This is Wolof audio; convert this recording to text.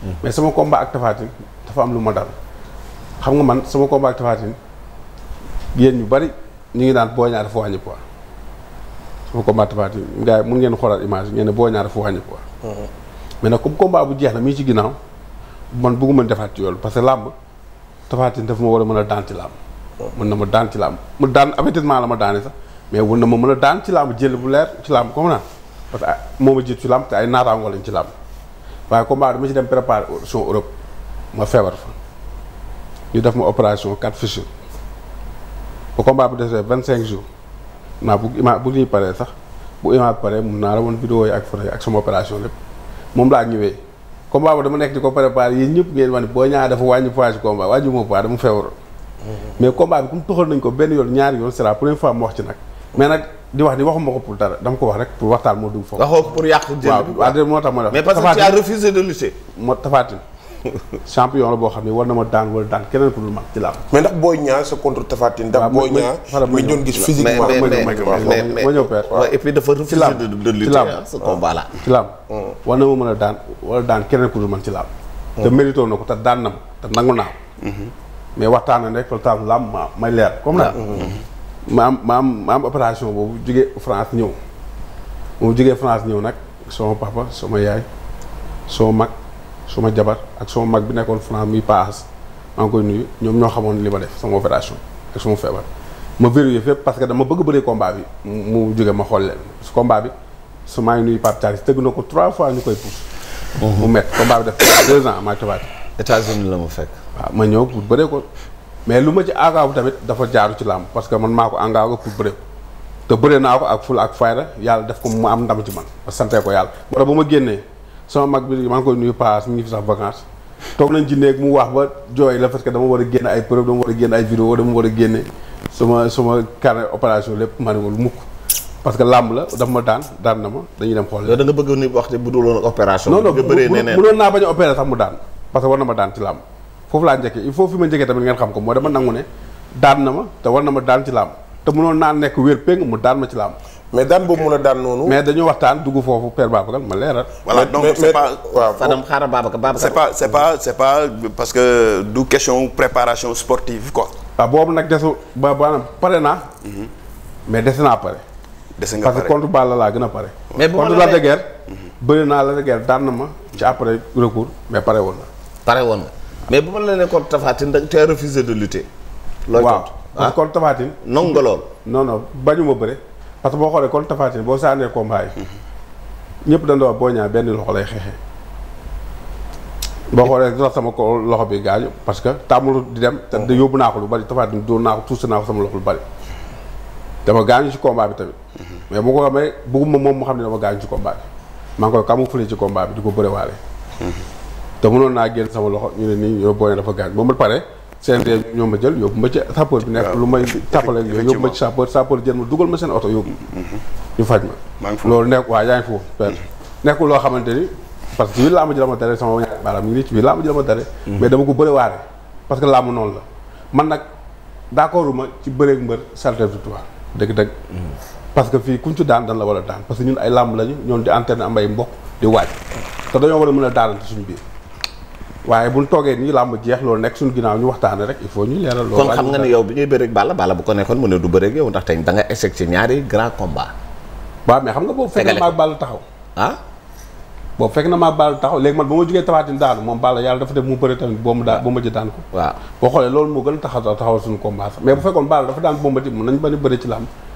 Mm-hmm. mais sama combat ak Tapha dafa am lu ma dal xam nga man sama combat ak Tapha Tine yéen ñu bari ñu ngi daan boo ñaar dafa wàññi poids sama combat ak Tapha Tine gars yi mun ngeen xoolaat image ngeen ne boo ñaar dafa wàññi poids mm-hmm. mais nag comme combat bu jeex na mi ngi ci ginnaaw man bëgguma defaat ci yoolu parce que làmb Tapha Tine daf ma war a mën a daan ci làmb mm-hmm. mën na ma daan ci làmb mu daan avertissement la ma daane sax mais wun na ma mën a daan ci làmb jël bu leer ci làmb comme parce que ah, moom ci làmb te ay lañ ci làmb waaye combat dama ci dem préparer son Europe ma feebar fa ñu def ma opération quatre fissures ba combat bu desee vingt cinq jours naa bu ima bu ñuy paree sax bu ima paree mun naa la woon vidéo yi ak photo yi ak sama opération lépp moom laa ñëwee combat ba dama nekk di ko préparer yéen ñëpp ngeen wax ne boo ñaar dafa wàññi poids ci combat wàññi moo poids dama feebar mm-hmm. mais combat bi comme toxal nañ ko benn yoon ñaari yoon c'est la première fois wax ci nag di wax ni waxuma ko pour dara dama ko wax rek pour waxtaan moo dugg foofu. waxoo pour yàqu jël bi moo tax ma boo xam ne war na ma daan wala daan keneen ku dul mag ci làmb. mais ndax Boy Niang sa contre Tafatine ndax Boy Niang mi doon gis physiquement mais mais mais ma ñëw père et puis dafa na ma mën a daan wala mm. na mm-hmm. mais waxtaan na rek pour taal làmb ma may leer comme na ma am ma am ma am opération boobu jógee France ñëw moom jógee France ñëw nag sama papa sama yaay sama mag sama jabar ak sama mag bi nekkoon France muy paas maa ngi koy nuyu ñoom ñoo xamoon li ma def sama opération ak sama feebar ma vérifié fépp parce que dama bëgg bëree combat bi mu jóge ma xool leen su combat bi su maa ngi nuyu Pape Thialis na ko trois fois ñu koy pousse mhm. mu mett combat bi def deux ans maa ngi tubaab États-Unis la mu fekk waaw ma ñëw pour bëree ko mais lu ma ci aagaawu tamit dafa jaaru ci làmb parce que man maa ko engagé pour bëre ko te bëre naa ko ak ful ak fayda yàlla def ko mu am ndam ci man ba santee ko yàlla ba ma génnee sama mag bi maa ngi koy nuyu paas mi mu wax ba jooy la parce que dama war a génne ay preuve dama war a génne ay vidéo dama war a génne sama sama carnet opération lépp ma ne ko mukk parce que làmb la daf ma daan daan na ma dañuy dem xool da nga bëgg ni wax bu dul woon opération non non mënoon naa bañ a opéré sax mu foofu laa njëkkee il faut fi ma njëkkee tamit ngeen xam ko mooy dama nangu ne daan na ma te war na ma daan ci làmb te mënoon naa nekk wér péng mu daan ma ci làmb mais daan boobu mu la waxtaan dugg foofu père Babacar ma leeral. voilà donc c' est pas waaw Fadam xaaral Babacar Babacar. c' est pas parce que du question préparation sportive quoi. waaw ah, boobu nag desu ba maanaam pare naa. Mhm. mais dese naa pare. dese nga pare parce que laa gën a pare. mais bu ma la contre Lac mhm. bëri naa Lac de Guiers daan na ma ci après recours mais pare woon na. pare woon mais bu ma la nee contre Tapha te da tu de lutter. looy tontu waaw contre ah. Tapha Tine. nangu nga lool. non non ma bëre parce que boo xoolee contre Tapha Tine boo saanee combat yi. ñëpp dañu doon Boy Niang benn loxo lay xeexee. boo xoolee dina sama ko loxo bi gaañu parce que tàmmul di dem. Oh. te yóbbu naa ko lu bari Tapha Tine dóor naa ko tuus naa sama loxo lu bari. dama gaañu ci combat bi tamit. Mhm. mais bu ko xamee bëgguma moom mu xam ne dama gaañu ci combat bi. maa ngi koy camoufler ci combat bi di ko bërewaale. Mhm. te mënoon naa génn sama loxo ñu ne nii yow booy dafa gaañ ba ma pare CNG ñoo ma jël yóbbu ma ci sapeur bi nekk lu may tàppale yooyu yóbbu ma ci sapeur sapeur jël ma dugal ma yóbbu ma yaa ngi hmm. loo xamante ni parce que ci biir làmb ji ma dare sama ñaari baaraam ñu ngi ci biir làmb ji ma dare bëri waare parce que làmb noonu la man nag d'accordu ma ci bëreeg mbër saleté victoire dëgg hmm. parce que fii kuñ ci daan dan la wala daan parce que ñun ay làmb lañu ñoon di antenne am ay mbokk di war a mën a daanante suñu biir waaye buñ toogee nii làmb jeex loolu nekk suñu ginnaaw ñu waxtaane rek il faut ñu leeral loolu kon xam nga ne yow bi ñuy bëreeg Balla Balla bu ko nekkoon mu ne du bëreeg yow ndax tey da ci ñaari grand combat waaw mais xam nga boobu fekk na maa Balla taxaw ah boobu fekk na maa Balla taxaw léegi man ba ma jógee tafaatin daanu moom Balla yàlla dafa def mu bëri tamit boo mu daan ma ji daan ko waaw boo xoolee loolu moo gën a taxaw taxawal a